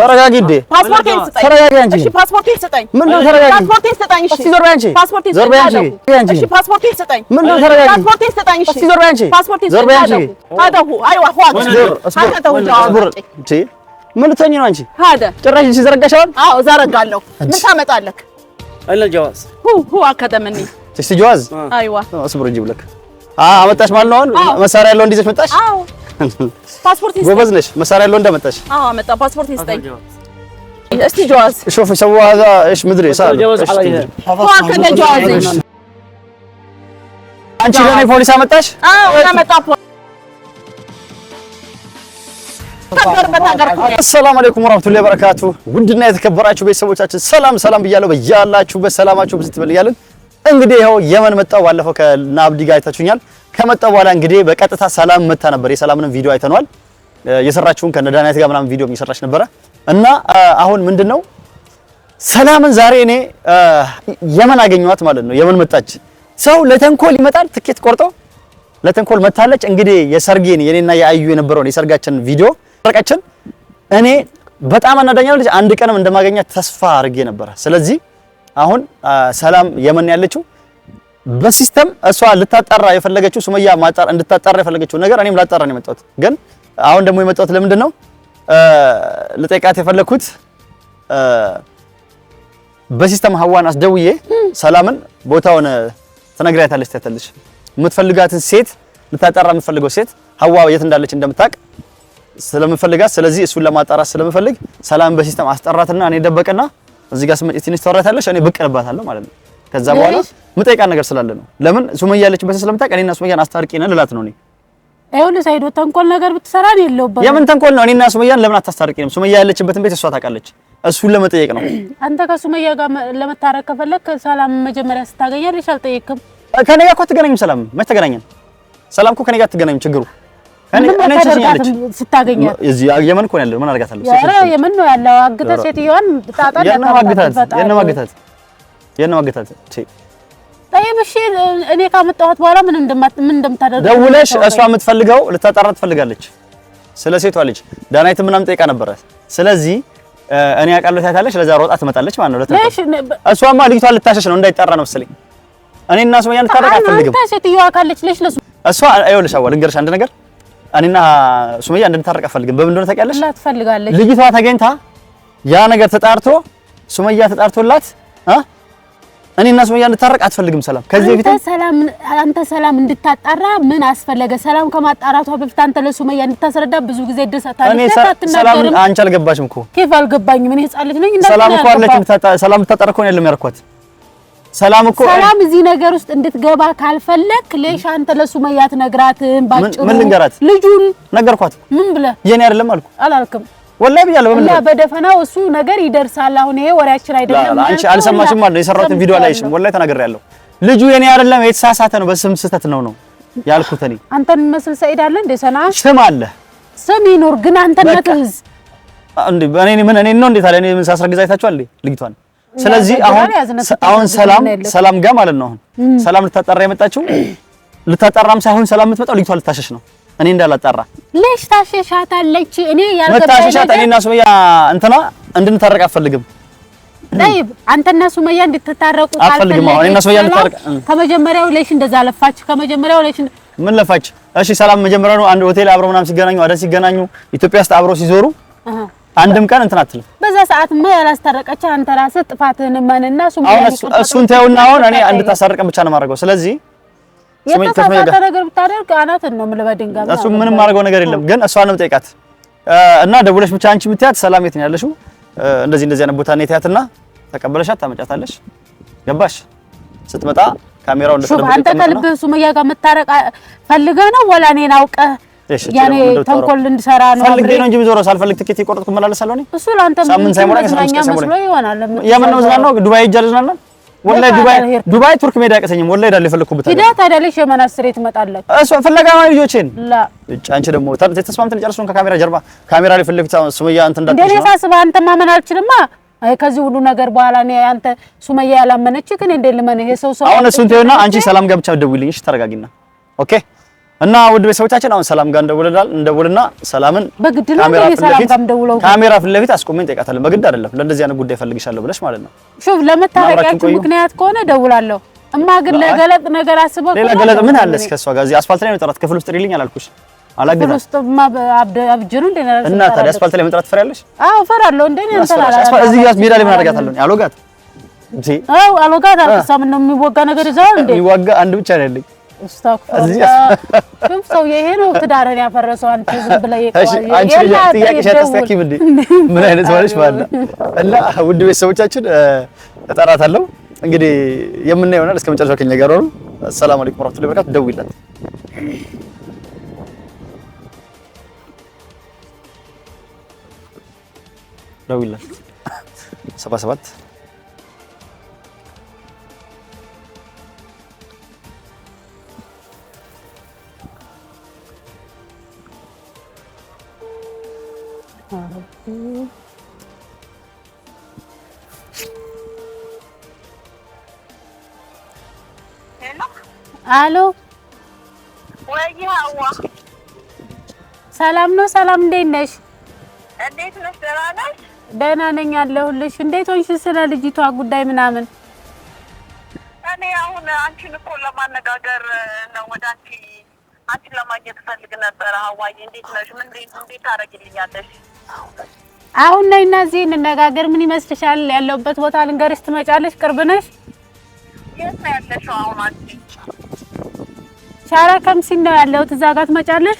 ተረጋጊ እንዴ! ፓስፖርቴን ስጠኝ። ተረጋጊ ምን ነው ነው አንቺ። ፓስፖርቴን ጭራሽ እሺ፣ ዘረጋሻል? አዎ፣ ዘረጋለሁ። ምን ታመጣለህ? አለ ጀዋዝ ሁ ሁ አከተመኒ እሺ፣ ጀዋዝ አይዋ አስብሩ ጅብለክ አ አመጣሽ ማለት ነው። አሁን መሳሪያ ያለው እንዲዘሽ መጣሽ? አዎ ፓስፖርት ይስጠኝ። ጎበዝ ነሽ። መሳሪያ ያለው እንዳመጣሽ። አዎ አመጣ። ፓስፖርት ይስጠኝ እስቲ ጀዋዝ ሾፍ ሰው ሀዛ እሽ ምድሪ ሳ አንቺ ለኔ ፖሊስ አመጣሽ? አዎ አመጣ አሰላሙ አለይኩም ወራህመቱላሂ ወበረካቱ። ውድና የተከበራችሁ ቤተሰቦቻችን ሰላም ሰላም ብያለሁ። በያላችሁበት ሰላማችሁ ብዙ እንግዲህ ይኸው የመን መጣሁ። ባለፈው ከነ ጋር አይታችሁኛል። ከመጣ በኋላ እንግዲህ በቀጥታ ሰላም መታ ነበር። የሰላምንም ቪዲዮ አይተነዋል። የሰራችሁን ከነዳናይት ጋር ምናምን ቪዲዮ እየሰራች ነበረ እና አሁን ምንድነው ሰላምን ዛሬ እኔ የመን አገኘዋት ማለት ነው። የመን መጣች። ሰው ለተንኮል ይመጣል። ትኬት ቆርጦ ለተንኮል መታለች። እንግዲህ የሰርጌን የኔና የአዩ የነበረውን የሰርጋችን ቪዲዮ ሰርቃችን እኔ በጣም አናዳኛለች። አንድ ቀንም እንደማገኛት ተስፋ አድርጌ ነበረ። ስለዚህ አሁን ሰላም የመን ያለችው በሲስተም እሷ ልታጠራ የፈለገችው ሱመያ ማጣራ እንድታጠራ የፈለገችው ነገር እኔም ላጠራ ነው የመጣሁት። ግን አሁን ደግሞ የመጣሁት ለምንድን ነው ልጠይቃት የፈለግኩት በሲስተም ሀዋን አስደውዬ ሰላምን ቦታውን ተነግራታለች። ታያታለች የምትፈልጋትን ሴት ልታጠራ የምትፈልገው ሴት ሀዋ የት እንዳለች እንደምታውቅ ስለምፈልጋት፣ ስለዚህ እሱን ለማጣራት ስለምፈልግ ሰላምን በሲስተም አስጠራትና እኔ ደበቅና እዚህ ጋር ስመጪ ትንሽ ተወራታለች፣ እኔ ብቅ እንባታለሁ ማለት ነው። ከዛ በኋላ ምጠይቃ ነገር ስላለ ነው። ለምን ሱመያ ያለችበት ስለምታውቅ እኔና ሱመያን አስታርቂ ነን ልላት ነው እኔ ይኸውልህ ሳይዶ ተንኮል ነገር ብትሰራ ነው የለውበት። የምን ተንኮል ነው? እኔና ሱመያን ለምን አታስታርቂንም? ሱመያ ያለችበትን ቤት እሷ ታውቃለች። እሱን ለመጠየቅ ነው። አንተ ከሱመያ ጋር ለመታረቅ ከፈለክ ሰላም መጀመሪያ ስታገኛለሽ። አልጠየቅም። ከኔ ጋር እኮ አትገናኝም። ሰላም መች ተገናኘን? ሰላም እኮ ከኔ ጋር አትገናኝም። ችግሩ ስታገኛት የመን እኮ ነው ያለው። ምን አድርጋታለሁ? የመን ነው ያለው። አግተህ ሴትዮዋን ጣጣ ነው አግተህ የነማ አግተህ የት ነው ማገታት? እሺ እኔ ካመጣኋት በኋላ ምን እንደምታደርግ ደውለሽ እሷ የምትፈልገው ልታጣራ ትፈልጋለች። ስለ ሴቷ ልጅ ዳናይት ምናምን ጠይቃ ነበረ። ስለዚህ እኔ አውቃለሁ ታያታለች። ለዛ ሮጣ ትመጣለች ማለት ነው። እሷማ ልጅቷ ልታሸሽ ነው እንዳይጣራ ነው መሰለኝ። እኔ እና ሱመያ እንድታረቅ አትፈልግም። እሷ ይኸውልሽ፣ አዋ ልንገርሽ አንድ ነገር። እኔ ሱመያ እንድንታረቅ አትፈልግም። በምን እንደሆነ ታውቂያለሽ? ልጅቷ ተገኝታ ያ ነገር ተጣርቶ ሱመያ ተጣርቶላት እኔ እና ሱመያ እንድታረቅ አትፈልግም። ሰላም ከዚህ በፊት ሰላም አንተ ሰላም እንድታጣራ ምን አስፈለገ? ሰላም ከማጣራቷ በፊት አንተ ለሱመያ እንድታስረዳ ብዙ ጊዜ ደሳታለች። ሰላም አንቺ አልገባሽም እኮ ኬፍ አልገባኝም። እኔ ህጻን ልጅ ነኝ። ሰላም እኮ አለች ሰላም እንድታጣራ እኮ ያለም ያርኳት ሰላም እኮ ሰላም እዚህ ነገር ውስጥ እንድትገባ ካልፈለክ ለሽ አንተ ለሱመያ ትነግራትም። ባጭሩ ምን ልንገራት? ልጁን ነገርኳት። ምን ብለህ የኔ አይደለም አልኩ አላልክም ወላሂ ብያለሁ። በደፈናው እሱ ነገር ይደርሳል። አሁን ይሄ ወሬያችን አይደለም። አንቺ አልሰማሽም ማለት ነው። የሰራሁትን ቪዲዮ አላየሽም። ወላሂ ተናግሬያለሁ። ልጁ የኔ አይደለም፣ የተሳሳተ ነው። በስም ስህተት ነው ነው ያልኩት። እኔ አንተን መስል ሰኢድ አለ እንዴ? ሰና ስም አለ፣ ስም ይኖር ግን አንተ ነክዝ እንዴ? እኔ ምን እኔ ነው እንዴ? ታዲያ እኔ ምን ሳስረግዝ አይታችኋል ልጅቷን ስለዚህ አሁን አሁን ሰላም ሰላም ጋር ማለት ነው። አሁን ሰላም ልታጠራ የመጣችው ልታጠራም ሳይሆን ሰላም የምትመጣው ልጅቷ ልታሸሽ ነው። እኔ እንዳላጣራ ለሽ ታሸሻታለች። እኔ ያልገባኝ እኔና ሱመያ እንትኗ እንድንታረቅ አልፈልግም። ጠይብ አንተና ሱመያ እንድትታረቁ አልፈልግም። እኔና ሱመያ እንድታረቅ ከመጀመሪያው ለሽ እንደዛ ለፋች። ከመጀመሪያው ለሽ ምን ለፋች? እሺ ሰላም መጀመሪያ ነው አንድ ሆቴል አብረው ምናምን ሲገናኙ አደ ሲገናኙ ኢትዮጵያ ውስጥ አብረው ሲዞሩ አንድም ቀን እንትን አትልም። በዛ ሰዓት ማ ያላስታረቀች አንተ ራስህ ጥፋትህን ማንና ሱመያ እሱን ተውና አሁን እኔ እንድታሳርቀን ብቻ ነው የማደርገው ስለዚህ የተሳሳተ ነገር ብታደርግ አናትን ነው የምልህ በድንጋይ እሱ ምንም አድርገው ነገር የለም ግን እሷን ነው የምጠይቃት እና ደውለሽ ብቻ አንቺ የምትያት ሰላም የት ነው ያለሽው እንደዚህ እንደዚህ አይነት ቦታ ነው የትያትና ተቀበለሻት ታመጫታለሽ ገባሽ ስትመጣ ካሜራው እንደሰለፈ አንተ ከልብህ ሱመያ ጋር መታረቅ ፈልገህ ነው ወላ እኔን አውቀህ ያኔ ተንኮል እንድሰራ ነው ፈልጌ ነው እንጂ ዞሮ ሳልፈልግ ትኬት የቆረጥኩ እመላለሳለሁ እኔ እሱ ለአንተ ሳምንት ሳይሞላ ከሳምንት ሳይሞላ ይሆናል የምን ነው ዝናና ዱባይ ሄጄ ልዝናና ወላሂ ዱባይ ዱባይ ቱርክ ሜዳ አይቀሰኝም። ወላሂ ዳለ የፈለኩበት አይደል ሂዳ ታዳለሽ የመን አስሬ ትመጣለች። እሱ ፍለጋ ነው ልጆችን ላ አንቺ ደግሞ ተስማምተን ጨርሶን ከካሜራ ጀርባ ካሜራ ላይ ፍለፊት ሱመያ አንተ እንዳትሽ ነው ሳስብ አንተ ማመን አልችልማ። ከዚህ ሁሉ ነገር በኋላ ነው አንተ ሱመያ ያላመነች ግን እንዴ ልመን ይሄ ሰው ሰው አሁን እሱን ተይውና አንቺ ሰላም ገብቻ ደውልኝ። እሺ ተረጋጊና ኦኬ እና ውድ ቤተሰቦቻችን አሁን ሰላም ጋር እንደውልናል። እንደውልና ሰላምን በግድ ነው ሰላም ጋር እንደውለው ካሜራ ፍለፊት አስቆመን አስቆመኝ በግድ አይደለም ለእንደዚህ አይነት ጉዳይ ፈልግሻለሁ ብለሽ ማለት ነው። ሹፍ ለመታረቂያችሁ ምክንያት ከሆነ ደውላለሁ። እማ ግን ለገለጥ ነገር አስበው ሌላ ገለጥ ምን አለ? እስከ እሷ ጋር እዚህ አስፋልት ላይ መጥራት ክፍል ውስጥ ጥሪልኝ አላልኩሽ? አላገናኝ ውስጥ ማ አብጅሩ እንደ ነው እና ታዲያ አስፋልት ላይ መጥራት ትፈሪያለሽ? አዎ እፈራለሁ። እንደኔ እንሰራለሁ አስፋልት እዚህ ጋር ሜዳ ላይ ምን አደርጋታለሁ? አሎጋት እንዴ? አዎ አሎጋት አልተሳም ነው የሚወጋ ነገር ይዘዋል እንዴ? የሚወጋ አንድ ብቻ ነው ያለኝ ሰውዬ ይሄ ነው ትዳርን ያፈረሰው። አንቺ ዝም ብለህ ጥያቄሽን አታስኪም እንዴ? ምን አይነት ማለች ማለት እና ውድ ቤተሰቦቻችን እጠራታለሁ እንግዲህ የምናየው ይሆናል። እስከ መጨረሻው ከኛ ጋር ሆኑ። ሰላም አለይኩም ወራህመቱላሂ ወበረካቱ። ደውይላት ደውይላት ሰባ ሰባት አሎ ሰላም ነው። ሰላም እንዴት ነሽ? እንዴት ነሽ? ደህና ነሽ? ደህና ነኝ አለሁልሽ። እንዴት ሆንሽ? ስለ ልጅቷ ጉዳይ ምናምን እኔ አሁን አንቺን እኮ ለማነጋገር ነው ወደ አንቺ አንቺን ለማግኘት ፈልግ ነበር። አዋዬ እንዴት ነሽ? ምን እንዴት ታደርጊልኛለሽ? አሁን ላይ እና እዚህ እንነጋገር። ምን ይመስልሻል? ያለውበት ቦታ ልንገርሽ፣ ትመጫለሽ? ቅርብ ነሽ። ሻራ ከምሲ ነው ያለው። እዛ ጋር ትመጫለሽ?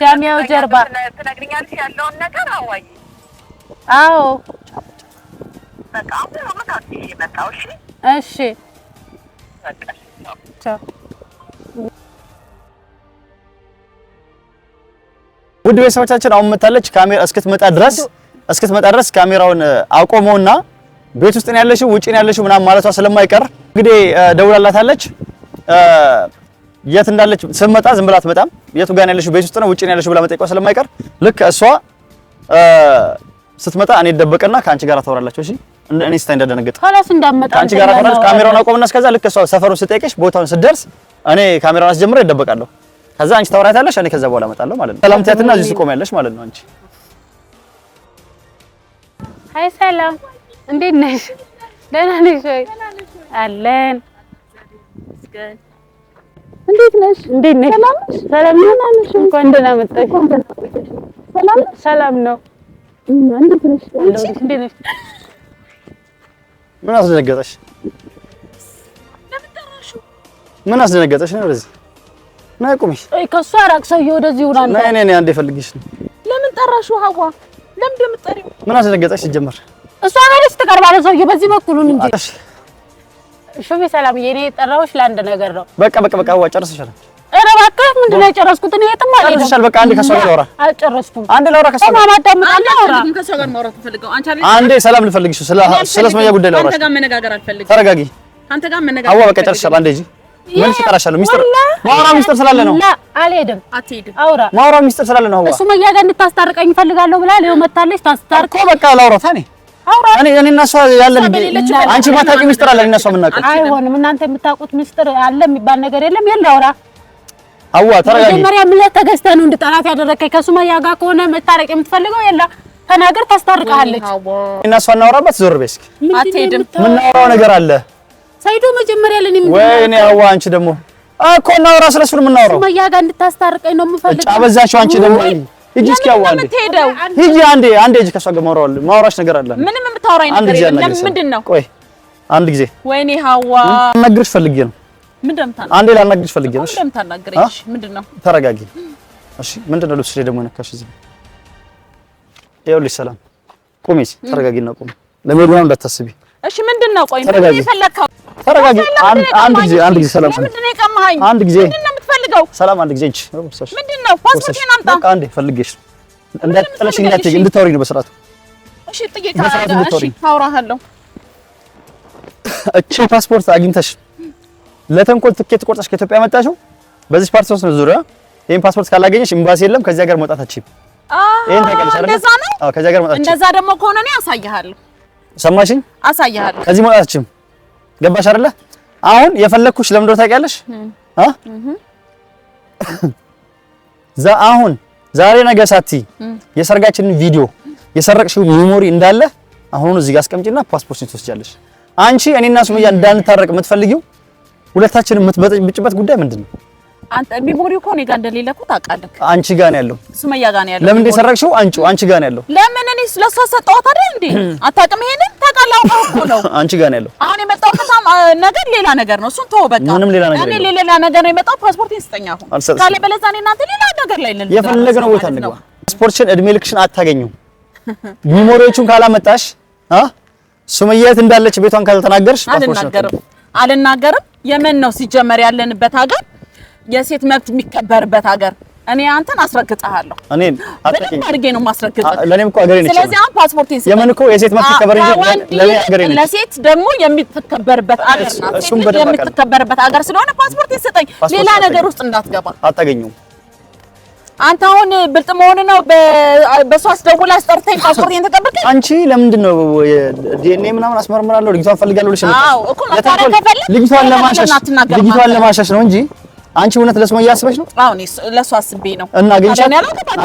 ጃሚያው ጀርባ። ትነግሪኛለሽ ያለውን ነገር። አዋይ አዎ፣ በቃ አሁን ነው መጣው። እሺ፣ እሺ፣ በቃ ቻው። ውድ ቤተሰቦቻችን አሁን መታለች። ካሜራ እስክትመጣ ድረስ እስክትመጣ ድረስ ካሜራውን አቆመውና ቤት ውስጥ ነው ያለሽው ውጪ ነው ያለሽው ምናምን ማለቷ ስለማይቀር እንግዲህ ደውላላታለች። የት እንዳለች ስትመጣ ዝም ብላ አትመጣም። የቱ ጋር ያለሽው ቤት ውስጥ ነው ውጪ ነው ያለሽው ብላ መጠየቋ ስለማይቀር ልክ እሷ ስትመጣ እኔ ደበቀና ካንቺ ጋር ታወራላችሁ። እሺ እኔ ስታይ እንዳደነገጥ ካላስ እንዳመጣ ካንቺ ጋር ታወራላችሁ። ካሜራውን አቆምና እስከዛ ልክ እሷ ሰፈሩን ስጠይቅሽ ቦታውን ስደርስ እኔ ካሜራውን አስጀምሬ እደበቃለሁ። ከዛ አንቺ ታወራታለሽ፣ እኔ ከዛ በኋላ እመጣለሁ ማለት ነው። ሰላም ትያትና እዚህ ትቆሚያለሽ ማለት ነው። አንቺ አይ ሰላም፣ እንዴት ነሽ? ደህና ነሽ ወይ? አለን። እንዴት ነሽ? እንዴት ነሽ? ሰላም ሰላም ነሽ? እንኳን ደህና መጣሽ። ሰላም ሰላም ነው። እንዴት ነሽ? እንዴት ነሽ? ምን አስደነገጠሽ? ምን አስደነገጠሽ ነው? ለዚህ ነይ ቁሚሽ። አይ ከሷ ራቅ፣ ሰውዬው ወደዚህ ይሁን። አንተ ነይ ነይ፣ አንዴ ፈልግሽ ነው። ለምን ጠራሽው? ሀዋ ለምን የምትጠሪው? ምን አስደነገጠሽ? ሲጀመር እሷ ማለት ትቀርባለህ። ሰውዬው በዚህ በኩሉን እንጂ ሹፌ ሰላምዬ፣ እኔ የጠራሁሽ ለአንድ ነገር ነው። በቃ በቃ በቃ፣ ዋ ጨርሰሻል። ኧረ እባክህ ምንድን ነው የጨረስኩት? እኔ የትም አልሄድም። በቃ አንዴ ከእሷ ጋር ላውራ። አልጨረስኩም። አንዴ ላውራ ከእሷ ጋር አንዴ። ሰላም ልፈልግሽ፣ ስለ ሱመያ ጉዳይ ላውራሽ። ተረጋጊ። አዋ በቃ ጨርሰሻል። አንዴ እዚህ መልስ እጠራሻለሁ። ሚስጥር ማውራ ሚስጥር ስላለ ነው። አልሄድም። አትሄድም። አውራ ማውራ ሚስጥር ስላለ ነው። እሱ ጋር እንድታስታርቀኝ እፈልጋለሁ ብላ ይኸው መታለች። ታስታርቆ በቃ ላውራ ታኔ እኔ እና እሷ ያለን አንቺ ማታውቂ ሚስጥር አለ። እኔ እና እሷ የምናውቀው አይሆንም። እናንተ የምታውቁት ሚስጥር አለ የሚባል ነገር የለም። የለ አውራ አዋ ተረጋጊ። መጀመሪያ ምን ተገዝተህ ነው እንድጠላት ያደረከኝ? ከሱመያ ጋር ከሆነ መታረቅ የምትፈልገው የለ ተናገር፣ ታስታርቃለች። እና እሷ እናውራበት። ዞር በይ እስኪ። አትሄድም። የምናወራው ነገር አለ ሳይዶ መጀመሪያ ለኔ ምን ወይ እኔ አዋ አንቺ ደግሞ እኮ እናውራ ስለሱን የምናወራው ሱመያ ጋር እንድታስታርቀኝ ነው የምፈልገው። አበዛሽው አንቺ ደግሞ ሂጂ እስኪ አዋ አንዴ ሂጂ አንዴ አንዴ ሂጂ ከሷ ጋር ማውራው ማውራሽ ነገር አለ። ምንም የምታወራኝ ነገር የለም። ምንድን ነው ቆይ አንድ ጊዜ ወይኔ ሀዋ ልነግርሽ ፈልጌ ነው። ምንድን ነው ታናግረኝ? አንዴ ላናግርሽ ፈልጌ ነው። ምንድን ነው ታናግረኝ? እሺ ምንድን ተረጋጊ እሺ። ምንድን ነው ልብስ ላይ ደግሞ የነካሽ እዚህ? ይኸውልሽ ሰላም፣ ቁሚ ተረጋጊና ቁሚ። ለምን ምናምን እንዳታስቢ እሺ። ምንድን ነው ቆይ፣ ምን ይፈልካው ተረጋጊ። አንድ ጊዜ አንድ ጊዜ ሰላም አንድ ጊዜ ሰላም አንድ ጊዜ እንጂ ምንድነው? ፓስፖርቴን አምጣ። በቃ አንዴ ፈልጌሽ እንዳትጠለሽ እንድታወሪ ነው በስርዓቱ። እሺ እሺ አውራሃለሁ። እቺ ፓስፖርት አግኝተሽ ለተንኮል ትኬት ቆርጠሽ ከኢትዮጵያ መጣሽው በዚህ ፓርቲ ውስጥ ነው ዙሪያ። ይሄን ፓስፖርት ካላገኘሽ ኤምባሲ የለም፣ ከዚህ ሀገር መውጣት አትችይም። ይሄን ታውቂያለሽ አይደል? እንደዛ ነው። አዎ ከዚህ ሀገር መውጣት አትችይም። እንደዛ ደግሞ ከሆነ እኔ አሳይሃለሁ። ሰማሽኝ? አሳይሃለሁ። ከዚህ መውጣት አትችይም። ገባሽ አይደለ? አሁን የፈለግኩሽ ለምዶ ታውቂያለሽ? አሁን ዛሬ ነገ ሳቲ የሰርጋችንን ቪዲዮ የሰረቅሽው ሜሞሪ እንዳለ አሁኑ እዚህ ጋር አስቀምጪና ፓስፖርትሽን ትወስጃለሽ። አንቺ እኔና ሱመያ እንዳንታረቅ የምትፈልጊው ሁለታችንን የምትበጭበት ጉዳይ ምንድን ነው? አንተ ሜሞሪው እኮ እኔ ጋር እንደሌለ እኮ ታውቃለህ። አንቺ ጋር ነው ያለው፣ ሱመያ ጋር ነው ያለው። ለምን እንደሰረቅሽው አንቺ አንቺ ጋር ነው ያለው። ለምን እኔ አይደል እንዴ? አታውቅም። ይሄንን ታውቃለህ። አውቀው እኮ ነው። አንቺ ጋር ነው ያለው። አሁን ነገር ሌላ ነገር ነው። እሱን ተወው በቃ። ምንም ሌላ ነገር እኔ ሌላ ነገር ነው የመጣሁት። ፓስፖርቴን ስጠኝ አሁን ካለ እኔ እናንተ ሌላ ነገር ላይ ቦታ እንግባ። ፓስፖርትሽን እድሜ ልክሽን ካላመጣሽ አ ሱመያ የት እንዳለች ቤቷን ካልተናገርሽ አልናገርም። አልናገርም። የመን ነው ሲጀመር ያለንበት ሀገር የሴት መብት የሚከበርበት ሀገር እኔ አንተን አስረግጥሃለሁ። እኔ አጥቂኝ አድርጌ ነው የማስረግጥህ። ለኔም እኮ አገሬ ነች። ስለዚህ አሁን ፓስፖርት ይዘህ የምን እኮ የሴት መብት ይከበር እንጂ ለኔ አገሬ ነች። ለሴት ደግሞ የምትከበርበት አገር ናት። ሴት የምትከበርበት አገር ስለሆነ ፓስፖርት ይሰጠኝ። ሌላ ነገር ውስጥ እንዳትገባ አታገኘውም። አንተ አሁን ብልጥ መሆን ነው። በሷ አስደውላ አስጠርተኝ ፓስፖርት እየተቀበልከኝ። አንቺ ለምንድን ነው ዲኤንኤ ምናምን አስመርምራለሁ ልጅቷን ፈልጋለሁ ልልሽ ነው። አዎ እኮ ልጅቷን ለማሸሽ ነው እንጂ አንቺ እውነት ለስመ እያስበሽ ነው? አዎ እኔ ለእሱ አስቤ ነው። እና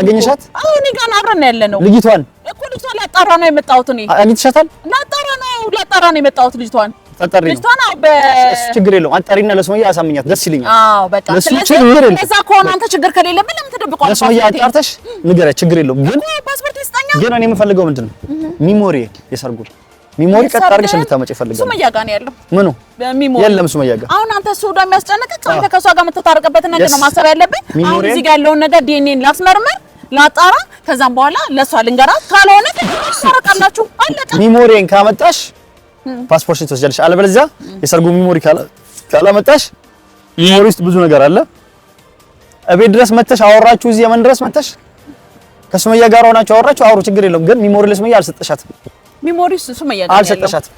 አገኘሻት? አዎ እኔ ጋር አብረን ነው ያለነው። ልጅቷን እኮ ልጅቷን ላጣራ ነው የመጣሁት እኔ። አግኝተሻታል? ላጣራ ነው ላጣራ ነው የመጣሁት ልጅቷን ጠሪ ነው እሱ ችግር የለውም። አጣሪና ለሱመያ አሳምኛት ደስ ይለኛል። አዎ በቃ ስለዚህ እንደዛ ከሆነ አንተ ችግር ከሌለ ምንም ተደብቀው ለሱመያ አጣርተሽ ንገረ። ችግር የለውም ግን ፓስፖርት ግን እኔ የምፈልገው ምንድን ነው ሚሞሪ የሰርጉን ሚሞሪ ቀጥ አድርገሽ እንድታመጪ እፈልጋለሁ። ሱመያ ጋር ነው ያለው። ምኑ የለም ሱመያ ጋር አሁን አንተ እሱ ጋር የሚያስጨንቅህ አንተ ከእሷ ጋር የምትታረቅበትን ነገር ነው ማሰብ ያለብኝ። አሁን እዚህ ጋር ያለውን ነገር ዲኤንኤን ላስመርመር ላጣራ፣ ከዛም በኋላ ለእሷ ልንገራት። ካልሆነ ታረቃላችሁ፣ አለቀ። ሚሞሪን ካመጣሽ ፓስፖርትሽን ትወስጃለሽ፣ አለበለዚያ የሰርጉ ሚሞሪ ካላመጣሽ ሚሞሪ ውስጥ ብዙ ነገር አለ። እቤት ድረስ መተሽ አወራችሁ፣ እዚህ የመን ድረስ መተሽ ከሱመያ ጋር ሆናችሁ አወራችሁ፣ አውሩ፣ ችግር የለውም። ግን ሚሞሪ ለሱመያ አልሰጠሻትም። ሚሞሪው ሱመያ ጋር አልሰጠሻትም።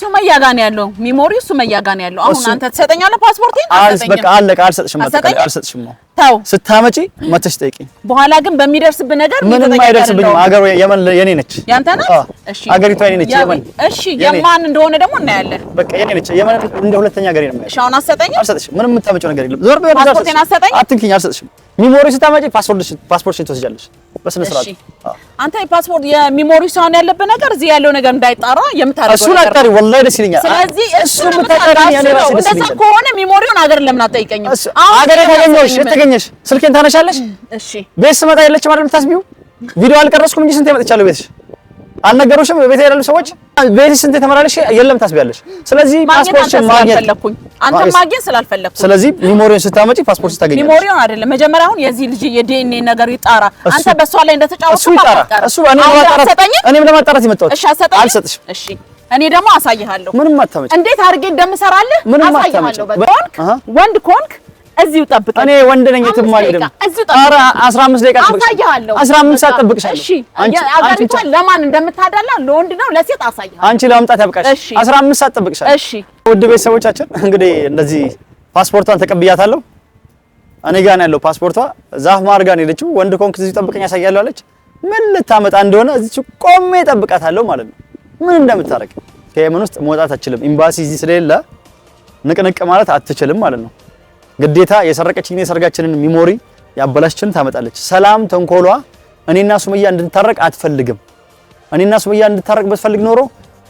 ሱመያ ጋር ነው ያለው ሚሞሪው ሱመያ ጋር ነው ያለው። አሁን አንተ ትሰጠኛለህ ፓስፖርቴን? በቃ አለቀ። አልሰጥሽም፣ አልሰጥሽም። ተው ስታመጪ መተሽ ጠይቂኝ። በኋላ ግን በሚደርስብህ ነገር ምንም አይደርስብኝም። አገሩ የመን የኔ ነች። ያንተ ነች? እሺ፣ አገሪቷ የኔ ነች። የመን እሺ፣ የማን እንደሆነ ደግሞ እናያለን። በቃ የኔ ነች። የመን እንደ ሁለተኛ ሀገር ነው። እሺ፣ አሁን አትሰጠኝም? አልሰጥሽም። ምንም የምታመጪው ነገር የለም። ዞር በይ። ፓስፖርቴን አትሰጠኝም? አትንኪኝ፣ አልሰጥሽም። ሚሞሪው ስታመጪ ፓስፖርትሽን ትወስጃለሽ። በስነ ስርዓት አንተ የፓስፖርት የሚሞሪ ሳይሆን ያለበት ነገር እዚህ ያለው ነገር እንዳይጣራ የምታደርገው እሱን አጣሪ ወላሂ ደስ ይለኛል። ስለዚህ እሱን ምታጣሪ ያኔ ራስ ደስ ይለኛል። ከሆነ ሚሞሪውን አገር ለምን አትጠይቀኝም? አገር የተገኘሽ የተገኘሽ ስልኬን ታነሻለሽ። እሺ ቤት ስመጣ የለችም አይደል? የምታስቢው ቪዲዮ አልቀረስኩም እንጂ ስንት መጥቻለሁ ቤትሽ አልነገሩሽም? በቤት ያሉ ሰዎች ቤት ስንት ተመላለሽ የለም ታስቢያለሽ። ስለዚህ ፓስፖርትሽን ማግኘት አንተ ማግኘት ስላልፈለኩ፣ ስለዚህ ሚሞሪውን ስታመጪ ፓስፖርት ስታገኝ፣ ሚሞሪውን አይደለም መጀመሪያ፣ አሁን የዚህ ልጅ የዲኤንኤ ነገር ይጣራ። አንተ በሷ ላይ እንደተጫወቱ ይጣራ። እሱ እኔም ለማጣራት የመጣሁት እሺ፣ አልሰጥሽም። እሺ እኔ ደግሞ አሳይሃለሁ። ምንም አታመጪ። እንዴት አድርጌ እንደምሰራልህ አሳይሃለሁ። በቃ ወንድ ከሆንክ እዚሁ ጠብቀኝ። እኔ ወንድ ነኝ። የትም አልሄድም። ኧረ አስራ አምስት ደቂቃ አሳይሃለሁ። አስራ አምስት ሰዓት ጠብቅሻለሁ። እሺ፣ አገሪቷን ለማን እንደምታዳላ ለወንድ ነው ለሴት አሳይሃለሁ። አንቺ ለመምጣት ያብቃሽ። አስራ አምስት ሰዓት ጠብቅሻለሁ። እሺ። ውድ ቤተሰቦቻችን እንግዲህ እንደዚህ ፓስፖርቷን ተቀብያታለሁ። እኔ ጋር ነው ያለው ፓስፖርቷ። ዛፍ ማር ጋር ነው የሄደችው። ወንድ ኮንክ እዚሁ ጠብቀኝ ያሳያለሁ አለች። ምን ልታመጣ እንደሆነ እዚሁ ቆሜ ጠብቃታለሁ ማለት ነው። ምን እንደምታረግ ከየመን ውስጥ መውጣት አችልም። ኤምባሲ እዚህ ስለሌለ ንቅንቅ ማለት አትችልም ማለት ነው። ግዴታ የሰረቀችን የሰርጋችንን ሚሞሪ ያበላሽችን ታመጣለች። ሰላም ተንኮሏ እኔና ሱመያ እንድንታረቅ አትፈልግም። እኔና ሱመያ እንድታረቅ ብትፈልግ ኖሮ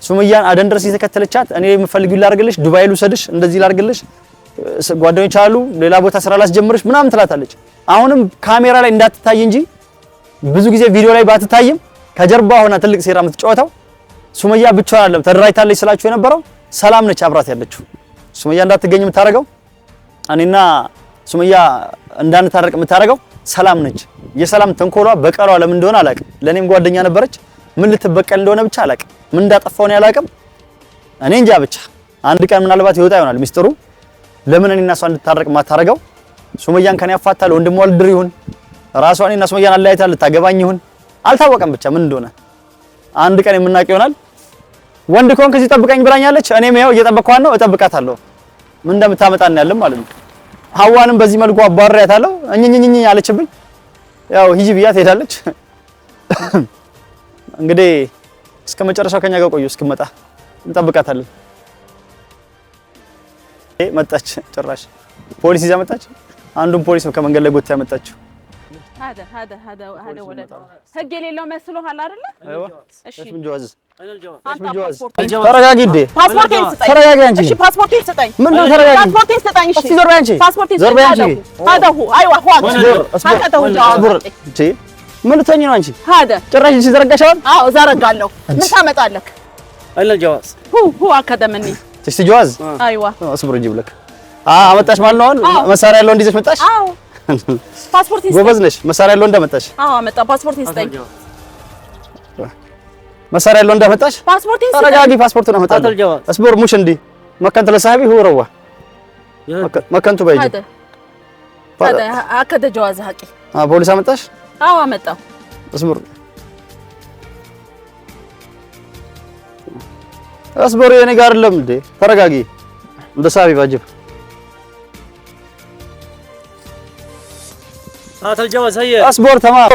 ሱመያን አደን ድረስ የተከተለቻት እኔ የምፈልጊው ላርግልሽ፣ ዱባይ ልውሰድሽ፣ እንደዚህ ላርግልሽ፣ ጓደኞች አሉ ሌላ ቦታ ስራ ላስጀምርሽ ምናምን ትላታለች። አሁንም ካሜራ ላይ እንዳትታይ እንጂ ብዙ ጊዜ ቪዲዮ ላይ ባትታይም ከጀርባ ሆና ትልቅ ሴራ የምትጫወተው ሱመያ ብቻዋን አይደለም። ተደራጅታለች ስላችሁ የነበረው ሰላም ነች አብራት ያለችው ሱመያ እንዳትገኝ የምታደርገው እኔና ሱመያ እንዳንታረቅ የምታደርገው ሰላም ነች። የሰላም ተንኮሏ በቀሏ ለምን እንደሆነ አላቅም። ለኔም ጓደኛ ነበረች። ምን ልትበቀል እንደሆነ ብቻ አላቅም። ምን እንዳጠፋው አላቅም? ያላቅም። እኔ እንጃ ብቻ አንድ ቀን ምናልባት ይወጣ ይሆናል ሚስጥሩ። ለምን እኔና እሷ እንድታረቅ የማታደርገው ሱመያን ከኔ ያፋታል ወንድሟ ልድር ይሁን ራሷ እኔና ሱመያን አለያይታ ልታገባኝ ይሁን አልታወቀም። ብቻ ምን እንደሆነ አንድ ቀን የምናውቅ ይሆናል። ወንድ ከሆንክ እዚህ ጠብቀኝ ብላኛለች። እኔም ያው እየጠበቅኳት ነው፣ እጠብቃታለሁ። ምን እንደምታመጣ እናያለን ማለት ነው። ሐዋንም በዚህ መልኩ አባሪያታለሁ። እኝኝኝኝ ያለችብኝ ያው ሂጂ ብያት ሄዳለች። እንግዲህ እስከ መጨረሻው ከኛ ጋር ቆዩ፣ እስክመጣ እንጠብቃታለን። መጣች፣ ጭራሽ ፖሊስ ይዛ መጣች። አንዱን ፖሊስ ነው ከመንገድ ላይ ጎታ ያመጣችው። ህግ የሌለው መስሎሃል አይደለ? ተረጋጊ። ምን ልትሆኚ ነው አንቺ? ጭራሽ ሲዘረጋሻል። እዘረጋለሁ። ምን ታመጣለህ? አመጣሽ ማለት ነው። አሁን መሳሪያ ይዘሽ መጣሽ ፓስፖርት ይስጠኝ። ጎበዝ ነሽ። መሳሪያ ያለው እንደመጣሽ? አዎ አመጣ። ፓስፖርት ይስጠኝ። መሳሪያ ያለው እንደመጣሽ? ፓስፖርት ይስጠኝ። ተረጋጊ። ፓስፖርት ነው አመጣለሁ። እስቦር ሙሽ እንዲ መከንተ ለሳቢ ሁ ረዋ መከንቱ ባይጂ ታዳ አከደ ጀዋዝ ሀቂ አ ፖሊስ አመጣሽ። አዎ አመጣ። እስቦር እስቦር የኔ ጋር አይደለም እንዴ። ተረጋጊ። እንደ ሳቢ ባጅብ هات الجواز هيا اصبر تمام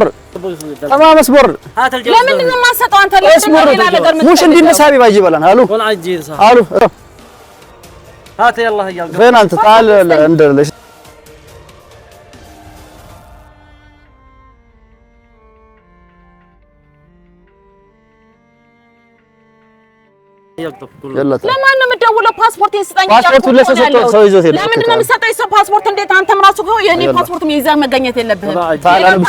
تمام اصبر هات الجواز لمن انه ما سطو انت ليه اصبر مش عندي مسابي باجي بلان الو والله عجيز صح الو هات يلا هيا فين انت تعال عند ليش ለማን ነው የምትደውለው? ፓስፖርት ስጠኝ። ፓስፖርቱን ለሰው ሰው ይዞት የለም። ለምንድን ነው የሚሰጠኝ ሰው ፓስፖርት? እንዴት አንተም እራሱ የእኔ ፓስፖርት ይዘህ መገኘት የለብህም። ፓስፖርት ለምን አንተ?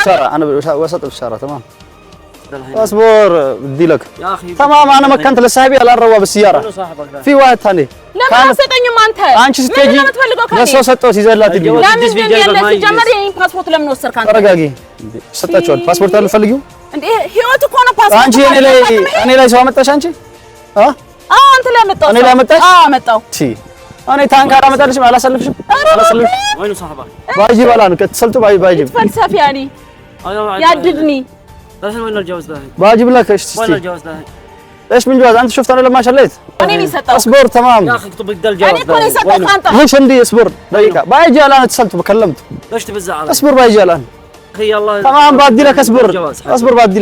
አዎ አንተ ላይ አመጣው። እኔ ላይ አመጣሽ? አዎ አመጣው። እሺ እኔ ታንካ አላመጣልሽም። አላሰልፍሽም አላሰልፍሽም። ወይኑ ሰሐባ ባይጂ ባላ ነው ከተሰልቱ ባይ ባይጂ ፈልሰፍ ያኒ ያድድኒ باجي لك ايش تشتي ايش من جواز انت شفت انا لما شليت انا اصبر تمام يا اخي اكتب لك الجواز انا كوني شنطه ليش عندي اصبر دقيقه باجي الان اتصلت وكلمت ليش تبزع علي اصبر باجي الان اخي الله تمام بدي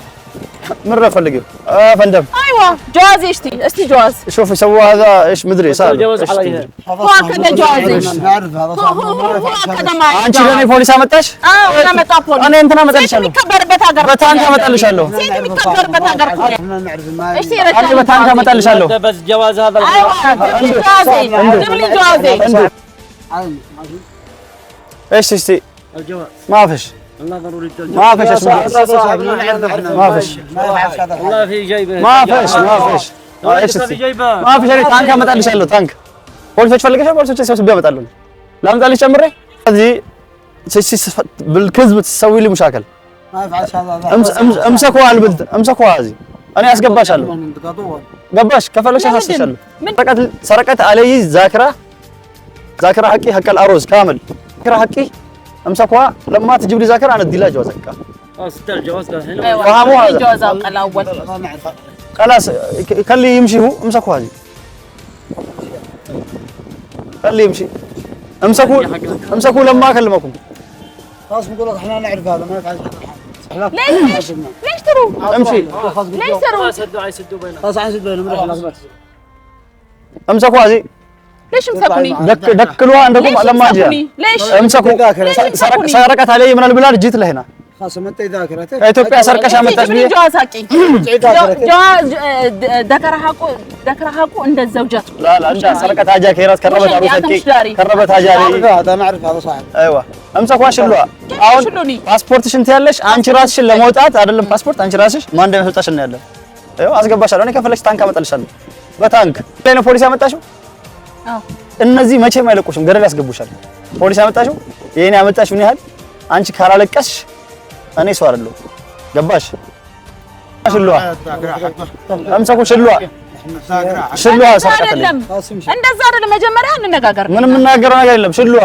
مره آه افندم ايوه جوازي اشتي اشتي جواز شوفي سوى هذا ايش مدري صار جواز علي هو اكد جوازي هو هذا هو اكد ما انت لاني بوليس متاش اه انا متا بوليس انا انت ما تلش له كبر بتا غرق بتا انت ما تلش له مكبر بتا غرق ايش تيرك انا بتا انت ما تلش له بس جواز هذا ايوه جوازي جيب لي جوازي ايش تشتي الجواز ما فيش ما ضروري التلجم ما فيش ما فيش والله في جيبه ما فيش ما فيش ايش في جيبه ما فيش انا تانك ما فيش له تانك ቦልሶች ፈልገሽ ቦልሶች ሰብስቤ ما ላምጣልሽ ጨምሬ እዚህ بالكذب تسوي لي مشاكل ما يفعل شاء الله امسكوها البنت امسكوها هذه انا اسقباشالو ገባሽ ከፈለሽ አሳስቻለሁ سرقت سرقت علي ዛክራ ዛክራ ሐቂ ሐቀል አሮዝ كامل ዛክራ ሐቂ امسكوها لما تجيب لي ذاكره انا ادي لها جواز ابقى اه جواز الجواز هنا ايوه فهموا هذا جواز ابقى الاول خلاص خليه يمشي هو امسكوا هذه خليه يمشي امسكوا امسكوا لما اكلمكم خلاص نقول لك احنا نعرف هذا ما يفعل ليش ليش ليش تروا؟ امشي ليش تروا؟ سدوا عايسدوا بينهم خلاص سدوا بينهم امسكوا هذه ليش مسكوني دك دكلوها عندكم لما اجي ليش امسكوا سرقت علي من البلاد جيت لهنا خلاص متى ذاكرتك كاثيوبيا سرقش عملتش بيه جواز حقي جواز ذكر حقه ذكر حقه እንደዛው ጃት لا لا انت سرقت حاجه كيراس كربت عروسك كربت حاجه لي انا اعرف هذا صاحب ايوه امسكوا شلوها አሁን ፓስፖርትሽ እንት ያለሽ አንቺ ራስሽን ለመውጣት አይደለም ፓስፖርት አንቺ ራስሽ ማን እንደሚያስወጣሽ ነው ያለው አስገባሻለሁ እኔ ከፈለግሽ ታንክ አመጣልሻለሁ በታንክ ላይ ነው ፖሊስ ያመጣሽው እነዚህ መቼም አይለቁሽም፣ ገደል ያስገቡሻል። ፖሊስ ያመጣሽው ይሄን ያመጣሽው ምን ያህል አንቺ ካላለቀስሽ እኔ ሰው አይደለሁ። ገባሽ? ሽሏ አምሳኮ ሽሏ ሽሏ አይደለም፣ እንደዛ አይደለም። መጀመሪያ እንነጋገር። ምን የምናገረው ነገር የለም። ሽሏ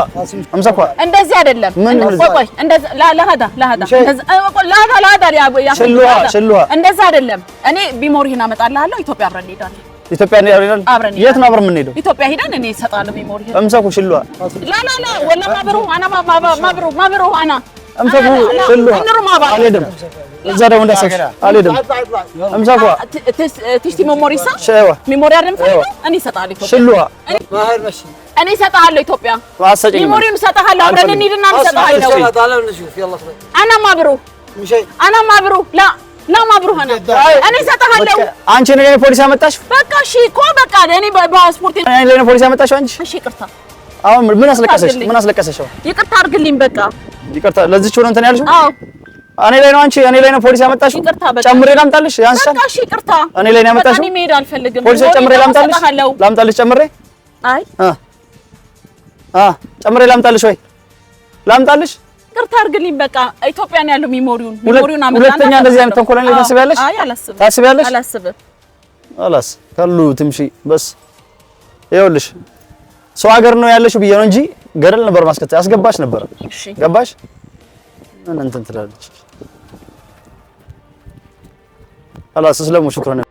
አምሳኮ እንደዚህ አይደለም። ምን ቆይ፣ እንደዛ ለሀዳ ለሀዳ ለሀዳ ለሀዳ ያ ሽሏ ሽሏ እንደዛ አይደለም። እኔ ቢሞር ይሄን አመጣልሃለሁ። ኢትዮጵያ አብረን እንሄዳለን ኢትዮጵያ ሄደን የት ነው አብረን የምንሄደው? ኢትዮጵያ ሄደን እኔ እሰጥሀለሁ ሚሞሪ እምሰኩ ሽሏ ላላላ ወላ ማብሩ አና ማብሩ ማብሩ አና እምሰኩ ሽሏ አልሄድም። እዛ ደግሞ እንዳሰብሽ አልሄድም። እምሰኩ ትሽቲ ሚሞሪሳ ሸዋ ሚሞሪ አይደል ፈልገው እኔ እሰጥሀለሁ ሽሏ እኔ እሰጥሀለሁ ኢትዮጵያ ሚሞሪም እሰጥሀለሁ። አብረን እንሂድና እሰጥሀለሁ አና ማብሩ አና ማብሩ ላ ና ማብሩ እኔ እሰጥሃለሁ። አንቺ ፖሊስ ያመጣሽ? በቃ እሺ እኮ በቃ ፖሊስ ያመጣሽ አንቺ። እሺ ይቅርታ። አሁን ምን አስለቀሰሽ? ምን አስለቀሰሽ? ይቅርታ አድርግልኝ። በቃ ይቅርታ። ለዚች ሆነ እንትን ያልሽው? አዎ እኔ ላይ ነው። አንቺ እኔ ላይ ነው ፖሊስ ያመጣሽ? ይቅርታ። በቃ ጨምሬ ላምጣልሽ? ያንስሻል? በቃ እሺ ይቅርታ። እኔ ላይ ነው እኔ መሄድ አልፈልግም። ፖሊስ ጨምሬ ላምጣልሽ? ላምጣልሽ? ጨምሬ አይ አ ጨምሬ ላምጣልሽ ወይ ላምጣልሽ ይቅርታ አድርግልኝ። በቃ ኢትዮጵያን ያለው ሚሞሪውን ሚሞሪውን አመጣና ሁለተኛ እንደዚህ አይነት ተንኮል ላይ ታስቢያለሽ? አይ አላስብም። ታስቢያለሽ? አላስብም። አላስ ካሉ ትምሺ በስ ይኸውልሽ ሰው ሀገር ነው ያለሽው ብዬ ነው እንጂ ገደል ነበር ማስከተል ያስገባሽ ነበር። እሺ ገባሽ? ምን እንትን ትላለች። አላስ ስለሙ ሽኩራን